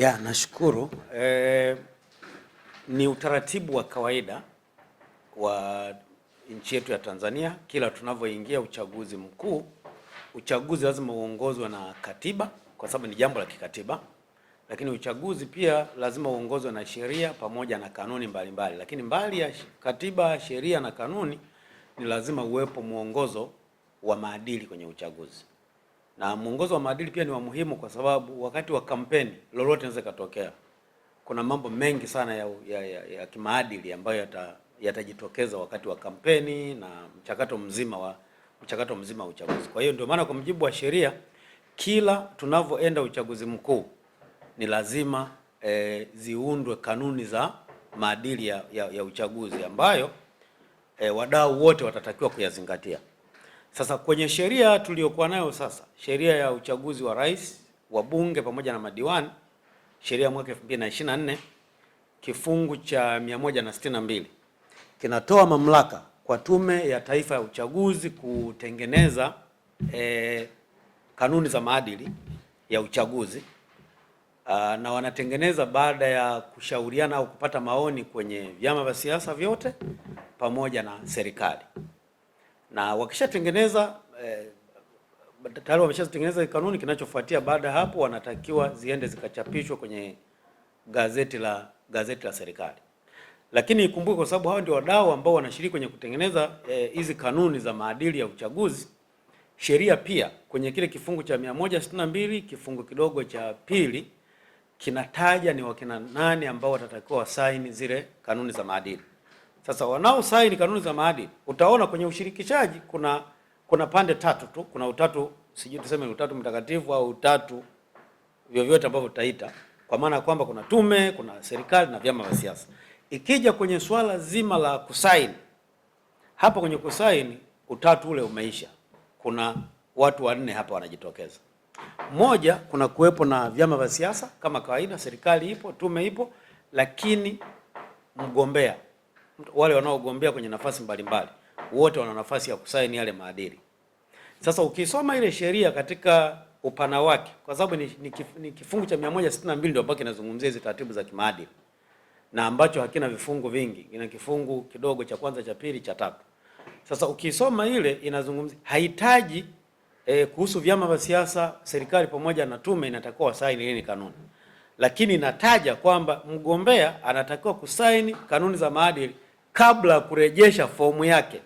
Ya, nashukuru e, ni utaratibu wa kawaida wa nchi yetu ya Tanzania. Kila tunavyoingia uchaguzi mkuu, uchaguzi lazima uongozwe na katiba, kwa sababu ni jambo la kikatiba, lakini uchaguzi pia lazima uongozwe na sheria pamoja na kanuni mbalimbali mbali. Lakini mbali ya katiba, sheria na kanuni, ni lazima uwepo mwongozo wa maadili kwenye uchaguzi. Na mwongozo wa maadili pia ni wa muhimu kwa sababu wakati wa kampeni lolote linaweza katokea. Kuna mambo mengi sana ya, ya, ya, ya kimaadili ambayo yatajitokeza yata wakati wa kampeni na mchakato mzima wa mchakato mzima wa uchaguzi. Kwa hiyo ndio maana kwa mujibu wa sheria kila tunavyoenda uchaguzi mkuu ni lazima e, ziundwe kanuni za maadili ya, ya, ya uchaguzi ambayo e, wadau wote watatakiwa kuyazingatia. Sasa kwenye sheria tuliyokuwa nayo sasa, sheria ya uchaguzi wa rais, wa bunge pamoja na madiwani, sheria ya mwaka 2024 kifungu cha 162 kinatoa mamlaka kwa Tume ya Taifa ya Uchaguzi kutengeneza e, kanuni za maadili ya uchaguzi a, ah, na wanatengeneza baada ya kushauriana au kupata maoni kwenye vyama vya siasa vyote pamoja na serikali na wakishatengeneza eh, tayari wameshatengeneza kanuni. Kinachofuatia baada ya hapo, wanatakiwa ziende zikachapishwa kwenye gazeti la gazeti la serikali. Lakini ikumbuke, kwa sababu hawa ndio wadau ambao wanashiriki kwenye kutengeneza eh, hizi eh, kanuni za maadili ya uchaguzi, sheria pia kwenye kile kifungu cha 162 kifungu kidogo cha pili kinataja ni wakina nani ambao watatakiwa wasaini zile kanuni za maadili. Sasa wanaosaini kanuni za maadili, utaona kwenye ushirikishaji kuna kuna pande tatu tu, kuna utatu sijui tuseme utatu mtakatifu au utatu vyovyote ambavyo tutaita, kwa maana ya kwamba kuna tume, kuna serikali na vyama vya siasa. Ikija kwenye swala zima la kusaini, hapa kwenye kusaini utatu ule umeisha. Kuna watu wanne hapa wanajitokeza. Moja, kuna kuwepo na vyama vya siasa kama kawaida, serikali ipo, tume ipo, lakini mgombea wale wanaogombea kwenye nafasi mbalimbali mbali, wote wana nafasi ya kusaini yale maadili. Sasa ukisoma ile sheria katika upana wake, kwa sababu ni, ni, kif, ni kifungu cha 162 ndio ambacho kinazungumzia hizo taratibu za kimaadili na ambacho hakina vifungu vingi, ina kifungu kidogo cha kwanza, cha pili, cha tatu. Sasa ukisoma ile inazungumzia haitaji e, eh, kuhusu vyama vya siasa, serikali pamoja na tume inatakiwa wasaini nini kanuni, lakini inataja kwamba mgombea anatakiwa kusaini kanuni za maadili kabla ya kurejesha fomu yake.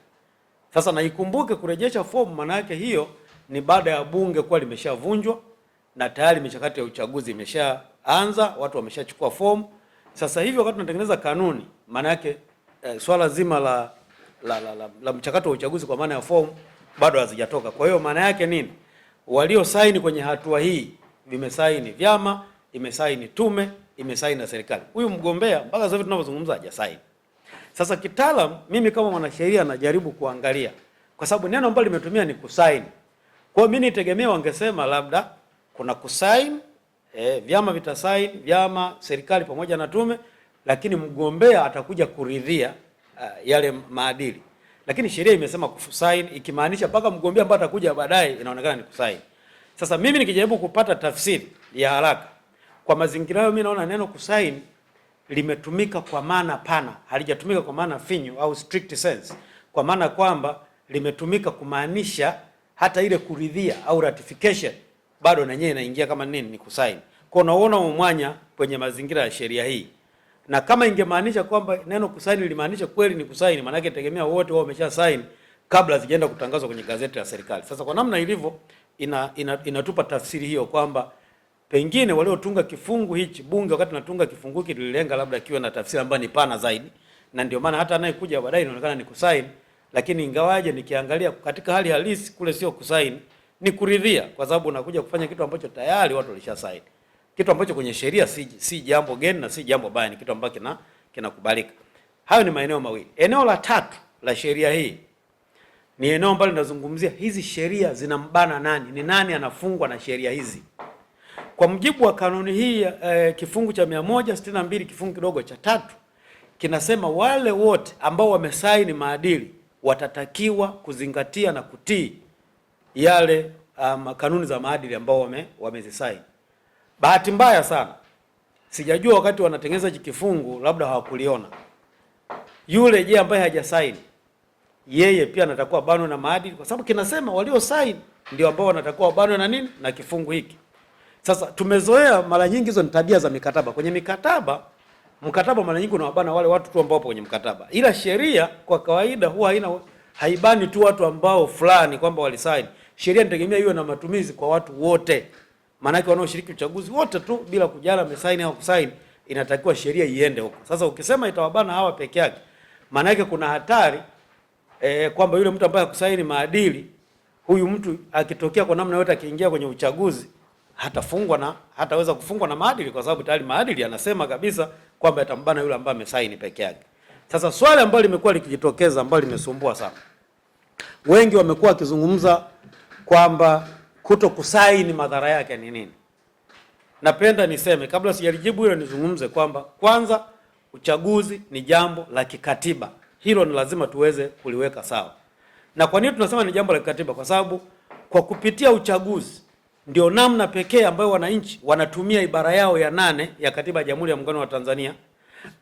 Sasa naikumbuke, kurejesha fomu maana yake hiyo ni baada ya bunge kuwa limeshavunjwa na tayari michakato ya uchaguzi imeshaanza, watu wameshachukua fomu. Sasa hivi wakati tunatengeneza kanuni, maana yake eh, swala zima la la, la, la, la mchakato wa uchaguzi kwa maana ya fomu bado hazijatoka. Kwa hiyo maana yake nini? Walio saini kwenye hatua hii, vimesaini vyama, imesaini tume, imesaini na serikali. Huyu mgombea mpaka sasa hivi tunavyozungumza hajasaini. Sasa kitaalam, mimi kama mwanasheria najaribu kuangalia, kwa sababu neno ambalo limetumia ni kusaini. Kwa hiyo mimi nitegemea wangesema labda kuna kusaini eh, vyama vitasaini, vyama serikali pamoja na tume, lakini mgombea atakuja kuridhia uh, yale maadili, lakini sheria imesema kusaini, ikimaanisha mpaka mgombea ambaye atakuja baadaye inaonekana ni kusaini. Sasa mimi nikijaribu kupata tafsiri ya haraka kwa mazingira hayo, mimi naona neno kusaini limetumika kwa maana pana, halijatumika kwa maana finyu au strict sense, kwa maana kwamba limetumika kumaanisha hata ile kuridhia au ratification bado na yeye inaingia kama nini, ni kusign. Kwa unaona umwanya kwenye mazingira ya sheria hii, na kama ingemaanisha kwamba neno kusign limaanisha kweli ni kusign, maana yake tegemea wote wao wamesha sign kabla zijaenda kutangazwa kwenye gazeti la serikali. Sasa kwa namna ilivyo, inatupa ina, ina, tafsiri hiyo kwamba pengine waliotunga kifungu hichi bunge, wakati natunga kifungu hiki tulilenga labda kiwe na tafsiri ambayo ni pana zaidi, na ndio maana hata anayekuja baadaye inaonekana ni kusaini, lakini ingawaje nikiangalia katika hali halisi kule sio kusaini, ni kuridhia, kwa sababu unakuja kufanya kitu ambacho tayari watu walishasaini, kitu ambacho kwenye sheria si, si jambo geni na si jambo baya, ni kitu ambacho kina kinakubalika. Hayo ni maeneo mawili. Eneo la tatu la sheria hii ni eneo ambalo linazungumzia hizi sheria zinambana nani, ni nani anafungwa na sheria hizi. Kwa mjibu wa kanuni hii eh, kifungu cha 162 kifungu kidogo cha tatu kinasema wale wote ambao wamesaini maadili watatakiwa kuzingatia na kutii yale um, kanuni za maadili ambao wame, wamezisaini. Bahati mbaya sana, sijajua wakati wanatengeneza kifungu labda hawakuliona, yule je ambaye hajasaini yeye pia anatakuwa bano na maadili, kwa sababu kinasema walio saini ndio ambao wanatakuwa bano na nini na kifungu hiki. Sasa tumezoea mara nyingi hizo ni tabia za mikataba. Kwenye mikataba, mkataba mara nyingi unawabana wale watu tu ambao wapo kwenye mkataba, ila sheria kwa kawaida huwa haina haibani tu watu ambao fulani kwamba walisaini. Sheria inategemea iwe na matumizi kwa watu wote, maanake wanaoshiriki uchaguzi wote tu bila kujala amesaini au kusaini, inatakiwa sheria iende huko. Sasa ukisema itawabana hawa peke yake, maanake kuna hatari eh, kwamba yule mtu ambaye hakusaini maadili, huyu mtu akitokea kwa namna yote akiingia kwenye uchaguzi hatafungwa na hataweza kufungwa na maadili, kwa sababu tayari maadili anasema kabisa kwamba atambana yule ambaye amesaini peke yake. Sasa swali ambalo limekuwa likijitokeza ambalo limesumbua sana, wengi wamekuwa wakizungumza kwamba kuto kusaini madhara yake ni nini. Napenda niseme kabla sijalijibu hilo, nizungumze kwamba kwanza, uchaguzi ni jambo la kikatiba. Hilo ni lazima tuweze kuliweka sawa. Na kwa nini tunasema ni jambo la kikatiba? Kwa sababu kwa kupitia uchaguzi ndio namna pekee ambayo wananchi wanatumia ibara yao ya nane ya katiba ya Jamhuri ya Muungano wa Tanzania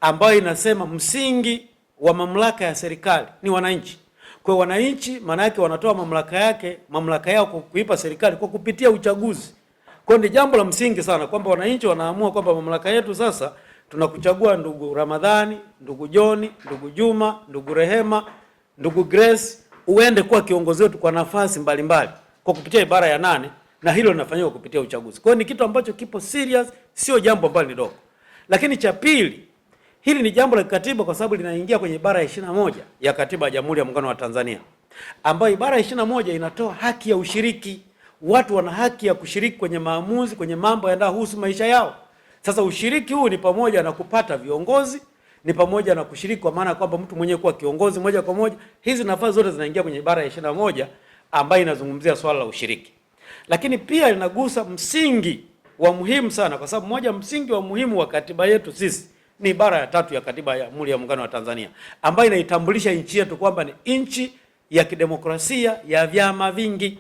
ambayo inasema msingi wa mamlaka ya serikali ni wananchi. Kwa wananchi, maana yake wanatoa mamlaka yake mamlaka yao kuipa serikali kwa kupitia uchaguzi. Kwa ni jambo la msingi sana kwamba wananchi wanaamua kwamba mamlaka yetu sasa tunakuchagua ndugu Ramadhani, ndugu Joni, ndugu Juma, ndugu Rehema, ndugu Grace uende kuwa kiongozi wetu kwa nafasi mbalimbali mbali, kwa kupitia ibara ya nane na hilo linafanyika kupitia uchaguzi. Kwa hiyo ni kitu ambacho kipo serious, sio jambo ambalo ni dogo. Lakini cha pili, hili ni jambo la kikatiba kwa sababu linaingia kwenye ibara ya ishirini na moja ya katiba ya Jamhuri ya Muungano wa Tanzania, ambayo ibara ya ishirini na moja inatoa haki ya ushiriki. Watu wana haki ya kushiriki kwenye maamuzi, kwenye mambo yanayohusu maisha yao. Sasa ushiriki huu ni pamoja na kupata viongozi, ni pamoja na kushiriki kwa maana kwamba mtu mwenyewe kuwa kiongozi moja kwa moja. Hizi nafasi zote zinaingia kwenye ibara ya ishirini na moja ambayo inazungumzia swala la ushiriki lakini pia linagusa msingi wa muhimu sana, kwa sababu moja msingi wa muhimu wa katiba yetu sisi ni ibara ya tatu ya katiba ya Jamhuri ya Muungano wa Tanzania ambayo inaitambulisha nchi yetu kwamba ni nchi ya kidemokrasia ya vyama vingi.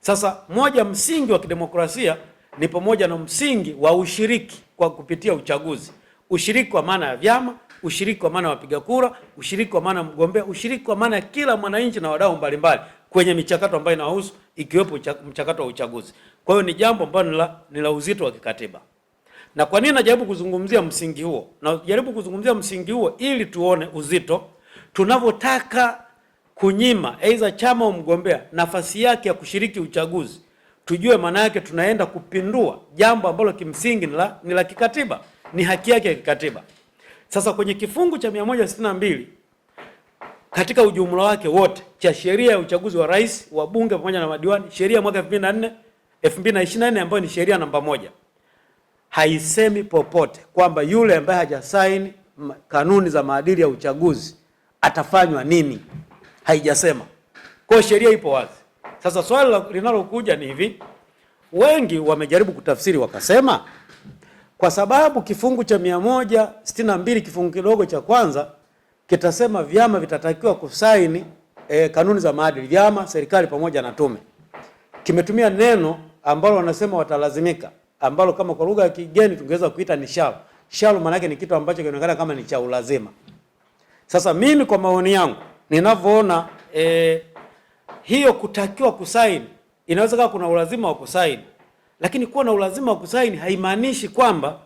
Sasa moja msingi wa kidemokrasia ni pamoja na msingi wa ushiriki kwa kupitia uchaguzi, ushiriki kwa maana ya vyama, ushiriki kwa maana ya wapiga kura, ushiriki kwa maana ya mgombea, ushiriki kwa maana ya kila mwananchi na wadau mbalimbali kwenye michakato ambayo inahusu ikiwepo mchakato wa uchaguzi. Kwa hiyo ni jambo ambalo ni la uzito wa kikatiba. Na kwa nini najaribu kuzungumzia msingi huo? Najaribu kuzungumzia msingi huo ili tuone uzito tunavyotaka kunyima aidha chama au mgombea nafasi yake ya kushiriki uchaguzi, tujue maana yake tunaenda kupindua jambo ambalo kimsingi ni la kikatiba, ni haki yake ya kikatiba. Sasa kwenye kifungu cha 162 katika ujumla wake wote cha sheria ya uchaguzi wa rais, wa bunge pamoja na madiwani, sheria mwaka 2024 2024 ambayo ni sheria namba moja haisemi popote kwamba yule ambaye hajasaini kanuni za maadili ya uchaguzi atafanywa nini, haijasema. Kwa sheria ipo wazi. Sasa swali linalokuja ni hivi, wengi wamejaribu kutafsiri wakasema, kwa sababu kifungu cha 162 kifungu kidogo cha kwanza kitasema vyama vitatakiwa kusaini e, kanuni za maadili, vyama, serikali pamoja na tume. Kimetumia neno ambalo wanasema watalazimika, ambalo kama kwa lugha ya kigeni tungeweza kuita ni sharu. Sharu maana yake ni kitu ambacho kinaonekana kama ni cha ulazima. Sasa mimi kwa maoni yangu ninavyoona, e, hiyo kutakiwa kusaini inaweza kuwa kuna ulazima wa kusaini, lakini kuwa na ulazima wa kusaini haimaanishi kwamba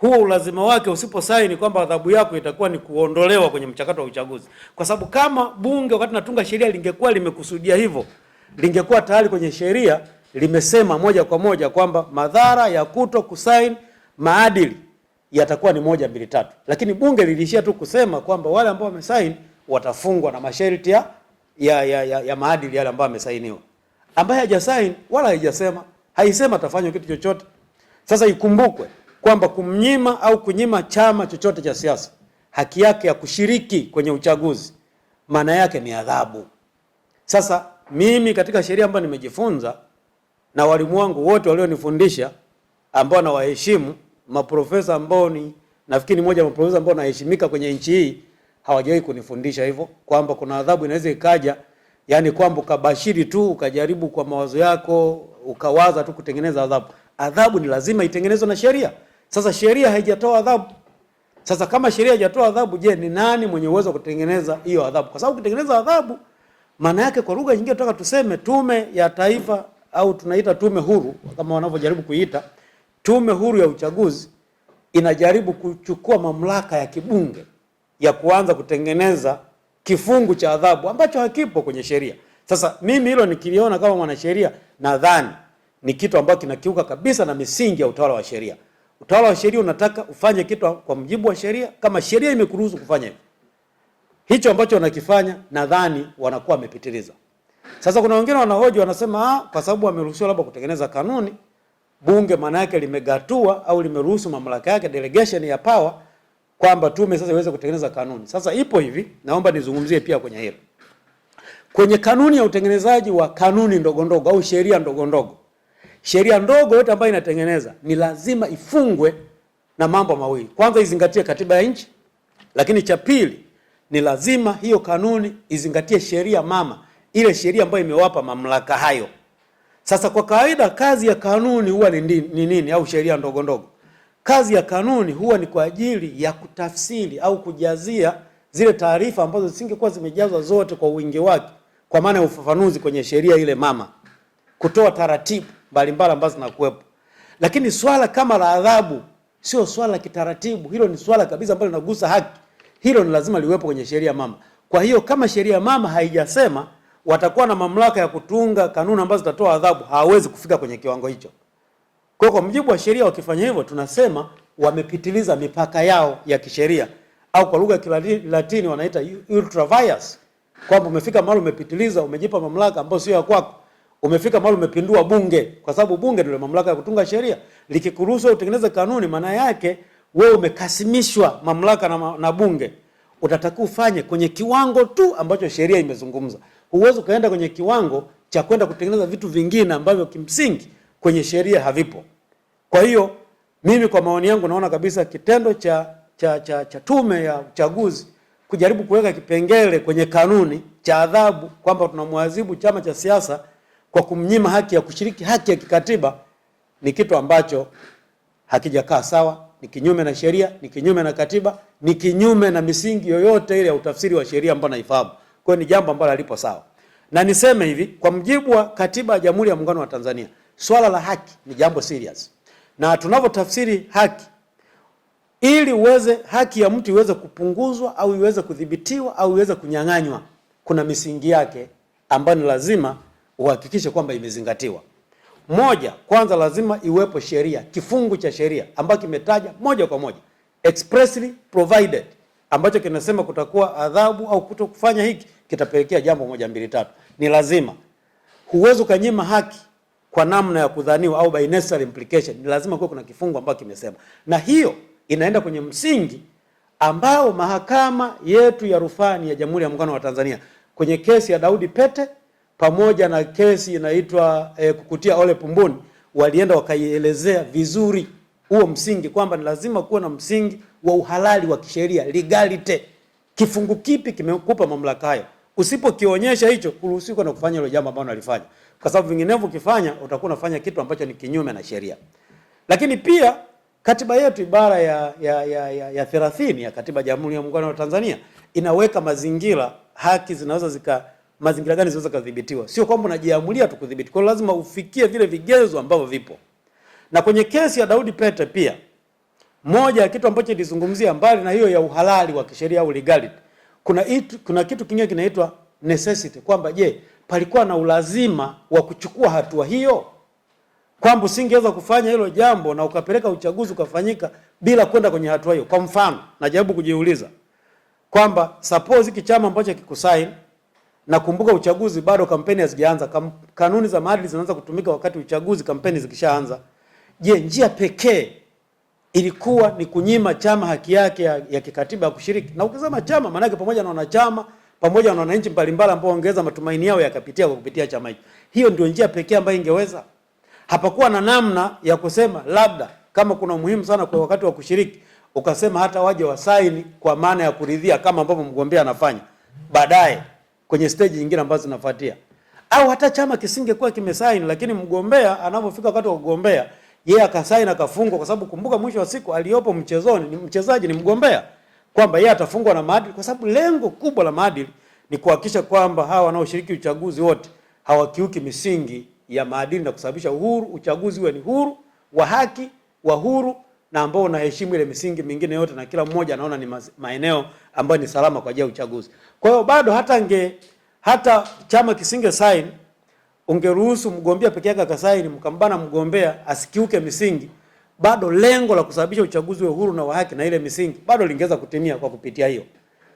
huo ulazima wake usiposaini kwamba adhabu yako itakuwa ni kuondolewa kwenye mchakato wa uchaguzi, kwa sababu kama bunge wakati natunga sheria lingekuwa limekusudia hivyo, lingekuwa tayari kwenye sheria limesema moja kwa moja kwamba madhara ya kuto kusaini maadili yatakuwa ni moja mbili tatu, lakini bunge liliishia tu kusema kwamba wale ambao wamesaini watafungwa na masharti ya, ya, ya, ya maadili yale ambayo amesainiwa. Ambaye hajasaini wala haijasema haisema atafanywa kitu chochote. Sasa ikumbukwe kwamba kumnyima au kunyima chama chochote cha siasa haki yake ya kushiriki kwenye uchaguzi maana yake ni adhabu. Sasa mimi katika sheria ambayo nimejifunza na walimu wangu wote walionifundisha ambao nawaheshimu, maprofesa ambao ni nafikiri ni moja maprofesa ambao naheshimika kwenye nchi hii, hawajawahi kunifundisha hivyo kwamba kuna adhabu inaweza ikaja, yani kwamba ukabashiri tu ukajaribu kwa mawazo yako ukawaza tu kutengeneza adhabu. Adhabu ni lazima itengenezwe na sheria. Sasa sheria haijatoa adhabu. Sasa kama sheria haijatoa adhabu, je, ni nani mwenye uwezo wa kutengeneza hiyo adhabu? Kwa sababu kutengeneza adhabu maana yake kwa lugha nyingine tunataka tuseme tume ya taifa au tunaita tume huru kama wanavyojaribu kuiita tume huru ya uchaguzi inajaribu kuchukua mamlaka ya kibunge ya kuanza kutengeneza kifungu cha adhabu ambacho hakipo kwenye sheria. Sasa mimi hilo nikiliona kama mwanasheria, nadhani ni kitu ambacho kinakiuka kabisa na misingi ya utawala wa sheria. Utawala wa sheria unataka ufanye kitu kwa mjibu wa sheria, kama sheria imekuruhusu kufanya hivyo. Hicho ambacho wanakifanya nadhani wanakuwa wamepitiliza. Sasa kuna wengine wanahoji, wanasema ah, kwa sababu wameruhusiwa labda kutengeneza kanuni, bunge maana yake limegatua au limeruhusu mamlaka yake, delegation ya power, kwamba tume sasa iweze kutengeneza kanuni. Sasa ipo hivi, naomba nizungumzie pia kwenye hilo, kwenye kanuni ya utengenezaji wa kanuni ndogo ndogo au sheria ndogo ndogo sheria ndogo yote ambayo inatengeneza ni lazima ifungwe na mambo mawili. Kwanza izingatie katiba ya nchi, lakini cha pili ni lazima hiyo kanuni izingatie sheria mama, ile sheria ambayo imewapa mamlaka hayo. Sasa kwa kawaida kazi ya kanuni huwa ni nini, au sheria ndogo ndogo? Kazi ya kanuni huwa ni kwa ajili ya kutafsiri au kujazia zile taarifa ambazo zisingekuwa zimejazwa zote kwa wingi wake, kwa maana ya ufafanuzi kwenye sheria ile mama, kutoa taratibu mbalimbali ambazo zinakuwepo, lakini swala kama la adhabu sio swala la kitaratibu. Hilo ni swala kabisa ambalo linagusa haki, hilo ni lazima liwepo kwenye sheria mama. Kwa hiyo kama sheria mama haijasema watakuwa na mamlaka ya kutunga kanuni ambazo zitatoa adhabu, hawawezi kufika kwenye kiwango hicho. Kwa kwa mujibu wa sheria, wakifanya hivyo tunasema wamepitiliza mipaka yao ya kisheria, au kwa lugha ya Kilatini wanaita ultra vires, kwamba umefika mahali umepitiliza, umejipa mamlaka ambayo sio ya kwako. Umefika mahali umepindua bunge, kwa sababu bunge ndio mamlaka ya kutunga sheria. Likikuruhusu utengeneze kanuni, maana yake wewe umekasimishwa mamlaka na, na bunge. Utataka ufanye kwenye kiwango tu ambacho sheria imezungumza. Huwezi ukaenda kwenye kiwango cha kwenda kutengeneza vitu vingine ambavyo kimsingi kwenye sheria havipo. Kwa hiyo mimi kwa maoni yangu naona kabisa kitendo cha cha, cha, cha tume ya uchaguzi kujaribu kuweka kipengele kwenye kanuni cha adhabu kwamba tunamwadhibu chama cha siasa kwa kumnyima haki ya kushiriki haki ya kikatiba ni kitu ambacho hakijakaa sawa, ni kinyume na sheria, ni kinyume na katiba, ni kinyume na misingi yoyote ile ya utafsiri wa sheria ambayo naifahamu. Kwa hiyo ni jambo ambalo halipo sawa, na niseme hivi, kwa mjibu wa katiba ya Jamhuri ya Muungano wa Tanzania, swala la haki ni jambo serious, na tunavyotafsiri haki ili uweze haki ya mtu iweze kupunguzwa au iweze kudhibitiwa au iweze kunyang'anywa, kuna misingi yake ambayo ni lazima uhakikishe kwamba imezingatiwa. Moja, kwanza lazima iwepo sheria, kifungu cha sheria ambacho kimetaja moja kwa moja expressly provided, ambacho kinasema kutakuwa adhabu au kuto kufanya hiki kitapelekea jambo moja mbili tatu. Ni lazima, huwezi ukanyima haki kwa namna ya kudhaniwa au by necessary implication. Ni lazima kuwe kuna kifungu ambacho kimesema, na hiyo inaenda kwenye msingi ambao mahakama yetu ya rufani ya Jamhuri ya Muungano wa Tanzania kwenye kesi ya Daudi Pete pamoja na kesi inaitwa e, kukutia Ole pumbuni, walienda wakaielezea vizuri huo msingi kwamba ni lazima kuwa na msingi wa uhalali wa kisheria legality. Kifungu kipi kimekupa mamlaka hayo? Usipokionyesha hicho, uruhusiwa na kufanya ile jambo ambalo nalifanya, kwa sababu vinginevyo ukifanya utakuwa unafanya kitu ambacho ni kinyume na sheria. Lakini pia katiba yetu ibara ya ya ya, ya, ya 30 ya katiba ya Jamhuri ya Muungano wa Tanzania inaweka mazingira, haki zinaweza zika mazingira gani zinaweza kudhibitiwa. Sio kwamba unajiamulia tu kudhibiti, kwa lazima ufikie vile vigezo ambavyo vipo. Na kwenye kesi ya Daudi Pete pia moja ya kitu ambacho ilizungumzia mbali na hiyo ya uhalali wa kisheria au legality, kuna itu, kuna kitu kingine kinaitwa necessity, kwamba je, palikuwa na ulazima wa kuchukua hatua hiyo, kwamba usingeweza kufanya hilo jambo na ukapeleka uchaguzi ukafanyika bila kwenda kwenye hatua hiyo. Kwa mfano, najaribu kujiuliza kwamba suppose kichama ambacho kikusaini Nakumbuka uchaguzi bado kampeni hazijaanza, kam, kanuni za maadili zinaanza kutumika wakati uchaguzi kampeni zikishaanza. Je, njia pekee ilikuwa ni kunyima chama haki yake ya, ya kikatiba ya kushiriki? Na ukisema chama, maanake pamoja na wanachama pamoja na wananchi mbalimbali ambao ongeza matumaini yao yakapitia kwa kupitia chama hicho. Hiyo ndio njia pekee ambayo ingeweza. Hapakuwa na namna ya kusema labda kama kuna umuhimu sana kwa wakati wa kushiriki ukasema hata waje wasaini kwa maana ya kuridhia kama ambavyo mgombea anafanya baadaye kwenye stage nyingine ambazo zinafuatia, au hata chama kisingekuwa kimesaini, lakini mgombea anapofika wakati wa kugombea yeye akasaini akafungwa, kwa sababu kumbuka, mwisho wa siku aliyopo mchezoni ni mchezaji, ni mgombea, kwamba yeye atafungwa na maadili, kwa sababu lengo kubwa la maadili ni kuhakikisha kwamba hawa wanaoshiriki uchaguzi wote hawakiuki misingi ya maadili na kusababisha uhuru uchaguzi uwe ni huru wa haki wa huru na ambao unaheshimu ile misingi mingine yote na kila mmoja anaona ni maeneo ambayo ni salama kwa ajili ya uchaguzi. Kwa hiyo bado hata nge hata chama kisinge sign, ungeruhusu mgombea peke yake akasign, mkambana mgombea asikiuke misingi, bado lengo la kusababisha uchaguzi wa uhuru na wa haki na ile misingi bado lingeweza kutimia kwa kupitia hiyo.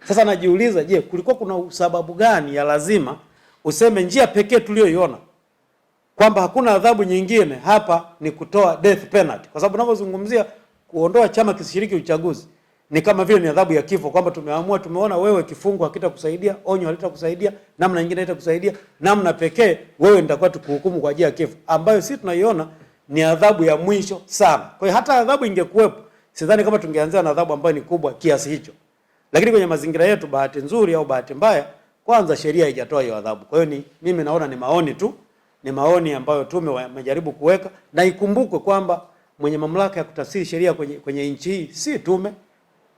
Sasa najiuliza, je, kulikuwa kuna sababu gani ya lazima useme njia pekee tuliyoiona kwamba hakuna adhabu nyingine hapa ni kutoa death penalty, kwa sababu unapozungumzia kuondoa chama kisishiriki uchaguzi ni kama vile ni adhabu ya kifo, kwamba tumeamua, tumeona wewe kifungo hakitakusaidia, onyo halitakusaidia, namna nyingine haitakusaidia, namna pekee wewe nitakuwa tukuhukumu kwa ajili ya kifo, ambayo sisi tunaiona ni adhabu ya mwisho sana. Kwa hiyo hata adhabu ingekuwepo, sidhani kama tungeanzia na adhabu ambayo ni kubwa kiasi hicho, lakini kwenye mazingira yetu, bahati nzuri au bahati mbaya, kwanza sheria haijatoa hiyo adhabu. Kwa hiyo ni mimi naona ni maoni tu, ni maoni ambayo tume wamejaribu kuweka, na ikumbukwe kwamba mwenye mamlaka ya kutafsiri sheria kwenye, kwenye nchi hii si tume,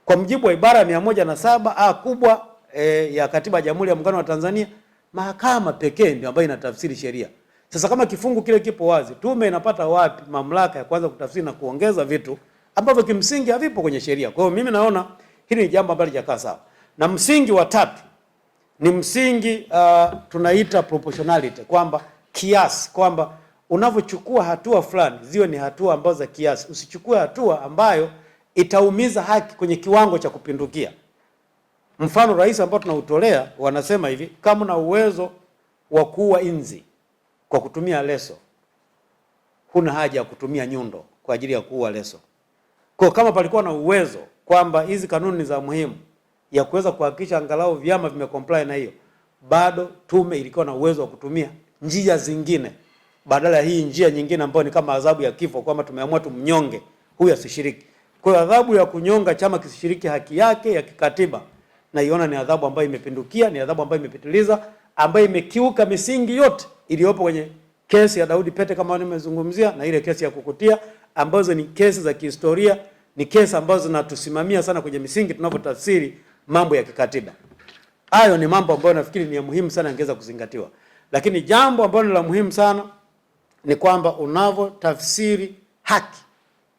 kwa mjibu wa ibara ya mia moja na saba a kubwa e, ya katiba ya Jamhuri ya Muungano wa Tanzania, mahakama pekee ndio ambayo inatafsiri sheria. Sasa kama kifungu kile kipo wazi, tume inapata wapi mamlaka ya kwanza kutafsiri na kuongeza vitu ambavyo kimsingi havipo kwenye sheria? Kwa hiyo mimi naona hili ni jambo ambalo lijakaa sawa, na msingi wa tatu ni msingi uh, tunaita proportionality kwamba kiasi kwamba unavyochukua hatua fulani ziwe ni hatua ambazo za kiasi. Usichukue hatua ambayo itaumiza haki kwenye kiwango cha kupindukia. Mfano rais ambao tunautolea, wanasema hivi, kama una uwezo wa kuua inzi kwa kutumia leso, huna haja ya kutumia nyundo kwa ajili ya kuua leso. Kwa kama palikuwa na uwezo kwamba hizi kanuni za muhimu ya kuweza kuhakikisha angalau vyama vimecomply na hiyo, bado tume ilikuwa na uwezo wa kutumia njia zingine badala ya hii njia nyingine ambayo ni kama adhabu ya kifo, kwamba tumeamua tumnyonge huyu asishiriki. Kwa hiyo adhabu ya kunyonga chama kisishiriki haki yake ya kikatiba naiona ni adhabu ambayo imepindukia, ni adhabu ambayo imepitiliza, ambayo imekiuka misingi yote iliyopo kwenye kesi ya Daudi Pete kama nimezungumzia, na ile kesi ya Kukutia ambazo ni kesi za kihistoria, ni kesi ambazo zinatusimamia sana kwenye misingi tunavyotafsiri mambo ya kikatiba. Hayo ni mambo ambayo nafikiri ni ya muhimu sana, yangeweza kuzingatiwa, lakini jambo ambalo ni la muhimu sana ni kwamba unavyotafsiri haki,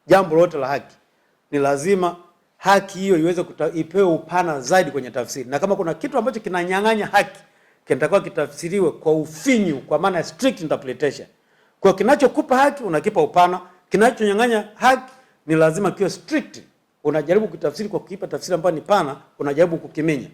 jambo lote la haki, ni lazima haki hiyo iweze ipewe upana zaidi kwenye tafsiri, na kama kuna kitu ambacho kinanyang'anya haki kinatakiwa kitafsiriwe kwa ufinyu, kwa maana ya strict interpretation. Kwa kinachokupa haki unakipa upana, kinachonyang'anya haki ni lazima kiwe strict. Unajaribu kutafsiri kwa kuipa tafsiri ambayo ni pana, unajaribu kukiminya.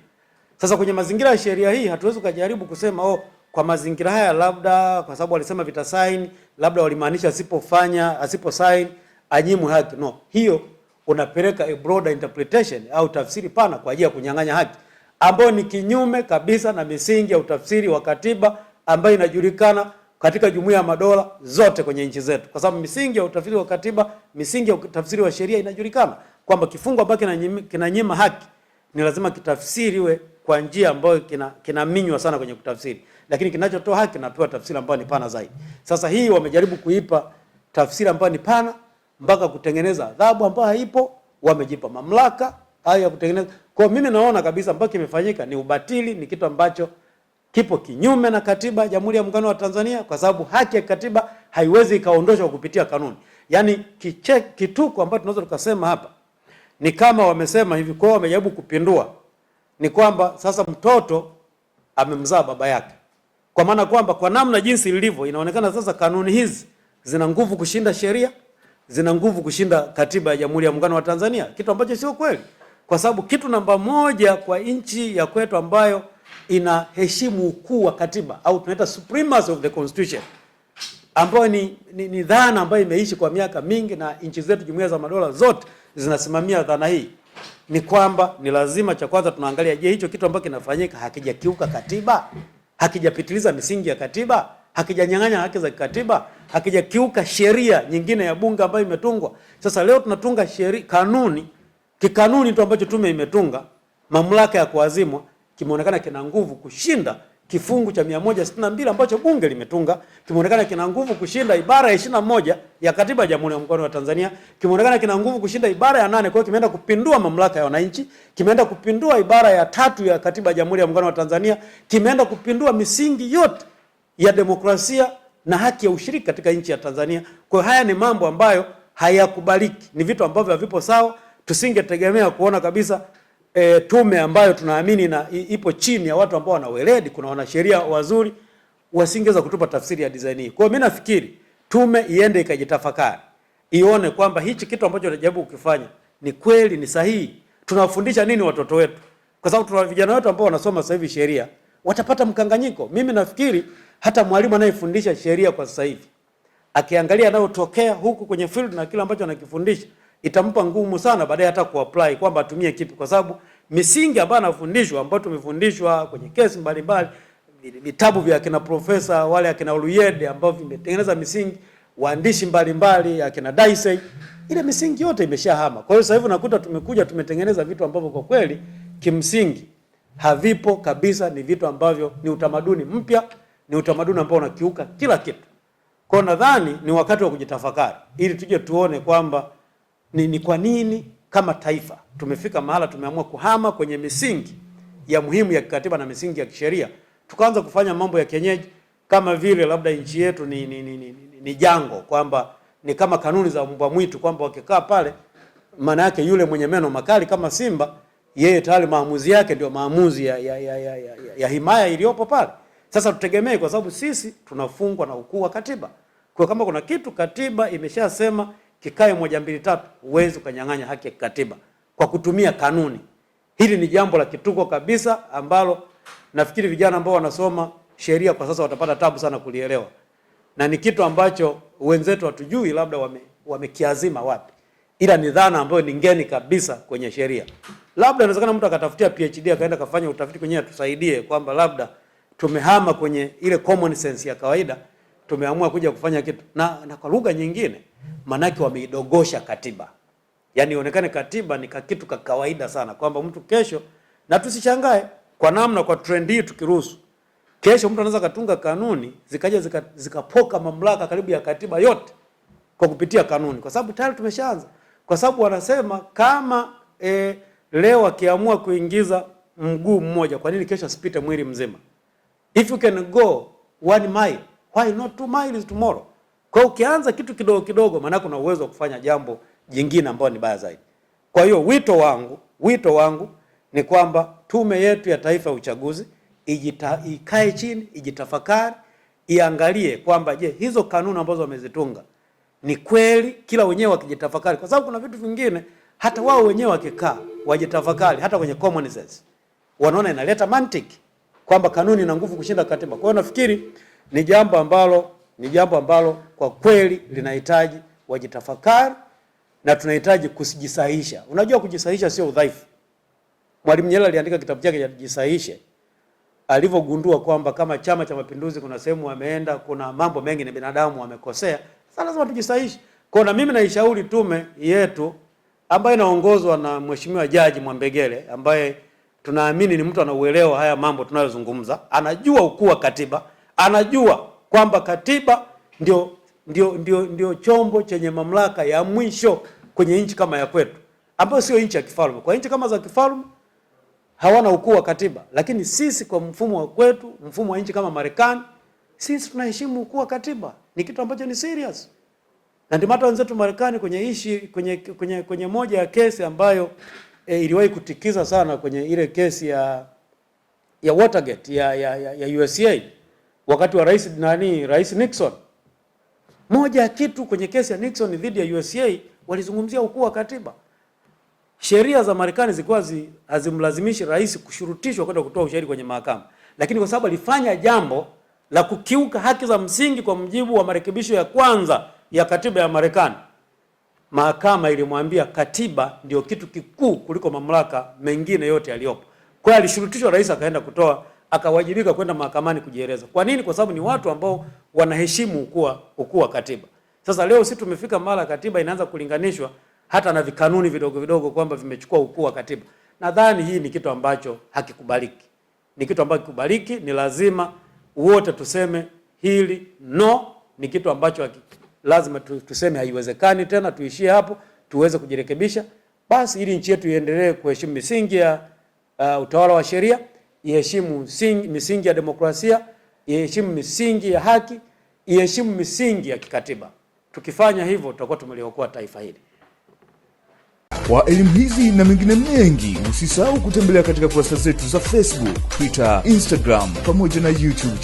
Sasa kwenye mazingira ya sheria hii hatuwezi kujaribu kusema oh, kwa mazingira haya, labda kwa sababu walisema vita sign, labda walimaanisha asipofanya asipo sign anyimwe haki. No, hiyo unapeleka a broader interpretation au tafsiri pana kwa ajili ya kunyang'anya haki ambayo ni kinyume kabisa na misingi ya utafsiri wa katiba ambayo inajulikana katika Jumuiya ya Madola zote kwenye nchi zetu, kwa sababu misingi ya utafsiri wa katiba, misingi ya utafsiri wa sheria inajulikana kwamba kifungu ambacho kinanyima haki ni lazima kitafsiriwe kwa njia ambayo kinaminywa kina sana kwenye kutafsiri, lakini kinachotoa haki kinapewa tafsiri ambayo ni pana zaidi. Sasa hii wamejaribu kuipa tafsiri ambayo ni pana mpaka kutengeneza adhabu ambayo haipo, wamejipa mamlaka hayo ya kutengeneza. Kwa mimi naona kabisa ambacho kimefanyika ni ubatili, ni kitu ambacho kipo kinyume na katiba ya Jamhuri ya Muungano wa Tanzania, kwa sababu haki ya katiba haiwezi ikaondoshwa kupitia kanuni. Yaani kichek, kituko ambacho tunaweza tukasema hapa ni kama wamesema hivi kwao, wamejaribu kupindua ni kwamba sasa mtoto amemzaa baba yake, kwa maana kwamba kwa namna jinsi ilivyo, inaonekana sasa kanuni hizi zina nguvu kushinda sheria, zina nguvu kushinda katiba ya Jamhuri ya Muungano wa Tanzania, kitu ambacho sio kweli, kwa sababu kitu namba moja kwa nchi ya kwetu ambayo inaheshimu ukuu wa katiba au tunaita supremacy of the constitution ambayo ni, ni, ni dhana ambayo imeishi kwa miaka mingi na nchi zetu jumuiya za madola zote zinasimamia dhana hii ni kwamba ni lazima, cha kwanza tunaangalia, je, hicho kitu ambacho kinafanyika hakijakiuka katiba, hakijapitiliza misingi ya katiba, hakijanyang'anya haki za kikatiba, hakijakiuka sheria nyingine ya bunge ambayo imetungwa. Sasa leo tunatunga sheria, kanuni kikanuni tu ambacho tume imetunga, mamlaka ya kuazimwa kimeonekana kina nguvu kushinda kifungu cha 162 ambacho bunge limetunga kimeonekana kina nguvu kushinda ibara ya 21 ya katiba ya Jamhuri ya Muungano wa Tanzania, kimeonekana kina nguvu kushinda ibara ya nane. Kwa hiyo kimeenda kupindua mamlaka ya wananchi, kimeenda kupindua ibara ya tatu ya katiba ya Jamhuri ya Muungano wa Tanzania, kimeenda kupindua misingi yote ya demokrasia na haki ya ushiriki katika nchi ya Tanzania. Kwa hiyo haya ni mambo ambayo hayakubaliki, ni vitu ambavyo havipo sawa, tusingetegemea kuona kabisa e, tume ambayo tunaamini na ipo chini ya watu ambao wana weledi, kuna wanasheria wazuri, wasingeweza kutupa tafsiri ya design hii. Kwa hiyo mimi nafikiri tume iende ikajitafakari, ione kwamba hichi kitu ambacho tunajaribu kukifanya ni kweli, ni sahihi, tunawafundisha nini watoto wetu? Kwa sababu tuna vijana wetu ambao wanasoma sasa hivi sheria watapata mkanganyiko. Mimi nafikiri hata mwalimu anayefundisha sheria kwa sasa hivi akiangalia anayotokea huku kwenye field na kile ambacho anakifundisha itampa ngumu sana baadaye hata kuapply kwamba atumie kipi, kwa sababu misingi ambayo anafundishwa ambayo tumefundishwa kwenye kesi mbalimbali, vitabu vya akina profesa wale akina Oluyede ambao vimetengeneza misingi, waandishi mbalimbali akina Daisei, ile misingi yote imeshahama. Kwa hiyo sasa hivi nakuta tumekuja tumetengeneza vitu ambavyo kwa kweli kimsingi havipo kabisa, ni vitu ambavyo ni utamaduni mpya, ni utamaduni ambao unakiuka kila kitu. Kwa nadhani ni wakati wa kujitafakari ili tuje tuone kwamba ni, ni kwa nini kama taifa tumefika mahala tumeamua kuhama kwenye misingi ya muhimu ya kikatiba na misingi ya kisheria tukaanza kufanya mambo ya kienyeji kama vile labda nchi yetu ni, ni, ni, ni, ni jango kwamba ni kama kanuni za mbwa mwitu kwamba wakikaa pale, maana yake yule mwenye meno makali kama simba, yeye tayari maamuzi yake ndio maamuzi ya, ya, ya, ya, ya, ya himaya iliyopo pale. Sasa tutegemee, kwa sababu sisi tunafungwa na ukuu wa katiba. Kwa kama kuna kitu katiba imeshasema kikae moja mbili tatu, huwezi ukanyang'anya haki ya kikatiba kwa kutumia kanuni. Hili ni jambo la kituko kabisa ambalo nafikiri vijana ambao wanasoma sheria kwa sasa watapata tabu sana kulielewa, na ni kitu ambacho wenzetu hatujui, labda wame, wamekiazima wapi, ila ni dhana ambayo ni ngeni kabisa kwenye sheria. Labda inawezekana mtu akatafutia PhD akaenda kafanya utafiti kwenye, atusaidie kwamba labda tumehama kwenye ile common sense ya kawaida, tumeamua kuja kufanya kitu na, na kwa lugha nyingine manake wameidogosha katiba, yaani ionekane katiba ni kitu ka kawaida sana, kwamba mtu kesho, na tusishangae kwa namna, kwa trend hii tukiruhusu, kesho mtu anaweza katunga kanuni zikaja zikapoka zika mamlaka karibu ya katiba yote kwa kupitia kanuni, kwa sababu tayari tumeshaanza, kwa sababu wanasema kama e, leo akiamua kuingiza mguu mmoja, kwa nini kesho asipite mwili mzima? If you can go one mile why not two miles tomorrow? Kwa hiyo ukianza kitu kidogo kidogo, maana kuna uwezo wa kufanya jambo jingine ambalo ni baya zaidi. Kwa hiyo wito wangu, wito wangu ni kwamba Tume yetu ya Taifa ya Uchaguzi ijita, ikae chini ijitafakari, iangalie kwamba je, hizo kanuni ambazo wamezitunga ni kweli, kila wenyewe wakijitafakari, kwa sababu kuna vitu vingine hata wao wenyewe wakikaa wajitafakari, hata kwenye common sense wanaona inaleta mantiki kwamba kanuni ina nguvu kushinda katiba. Kwa hiyo nafikiri ni jambo ambalo ni jambo ambalo kwa kweli linahitaji wajitafakari na tunahitaji kusijisahisha. Unajua, kujisahisha sio udhaifu. Mwalimu Nyerere aliandika kitabu chake cha Jisahishe alivyogundua kwamba kama Chama cha Mapinduzi kuna sehemu wameenda, kuna mambo mengi na binadamu wamekosea, sasa lazima tujisahishe. Kwa na mimi naishauri tume yetu ambayo inaongozwa na Mheshimiwa Jaji Mwambegele ambaye tunaamini ni mtu anauelewa haya mambo tunayozungumza, anajua ukuu wa katiba, anajua kwamba katiba ndio, ndio, ndio, ndio chombo chenye mamlaka ya mwisho kwenye nchi kama ya kwetu ambayo sio nchi ya kifalme. Kwa nchi kama za kifalme hawana ukuu wa katiba, lakini sisi kwa mfumo wa kwetu, mfumo wa nchi kama Marekani, sisi tunaheshimu ukuu wa katiba. Ni kitu ambacho ni serious, na ndio maana wenzetu Marekani kwenye ishi kwenye, kwenye, kwenye moja ya kesi ambayo e, iliwahi kutikiza sana kwenye ile kesi ya ya Watergate ya, ya, ya, ya USA wakati wa rais nani, rais Nixon. Moja ya kitu kwenye kesi ya Nixon dhidi ya USA walizungumzia ukuu wa katiba. Sheria za Marekani zilikuwa hazimlazimishi rais kushurutishwa kwenda kutoa ushahidi kwenye mahakama, lakini kwa sababu alifanya jambo la kukiuka haki za msingi kwa mujibu wa marekebisho ya kwanza ya katiba ya Marekani, mahakama ilimwambia katiba ndio kitu kikuu kuliko mamlaka mengine yote yaliyopo. Kwa hiyo alishurutishwa rais akaenda kutoa akawajibika kwenda mahakamani kujieleza. Kwa nini? Kwa sababu ni watu ambao wanaheshimu ukuu wa katiba. Sasa leo sisi tumefika mara katiba inaanza kulinganishwa hata na vikanuni vidogo vidogo kwamba vimechukua ukuu wa katiba. Nadhani hii ni kitu ambacho hakikubaliki, ni kitu ambacho hakikubaliki. Ni lazima wote tuseme hili no, ni kitu ambacho haki, lazima tuseme haiwezekani tena, tuishie hapo, tuweze kujirekebisha basi, ili nchi yetu iendelee kuheshimu misingi ya uh, utawala wa sheria iheshimu misingi ya demokrasia, iheshimu misingi ya haki, iheshimu misingi ya kikatiba. Tukifanya hivyo, tutakuwa tumeliokoa taifa hili. Kwa elimu hizi na mengine mengi, usisahau kutembelea katika kurasa zetu za Facebook, Twitter, Instagram pamoja na YouTube.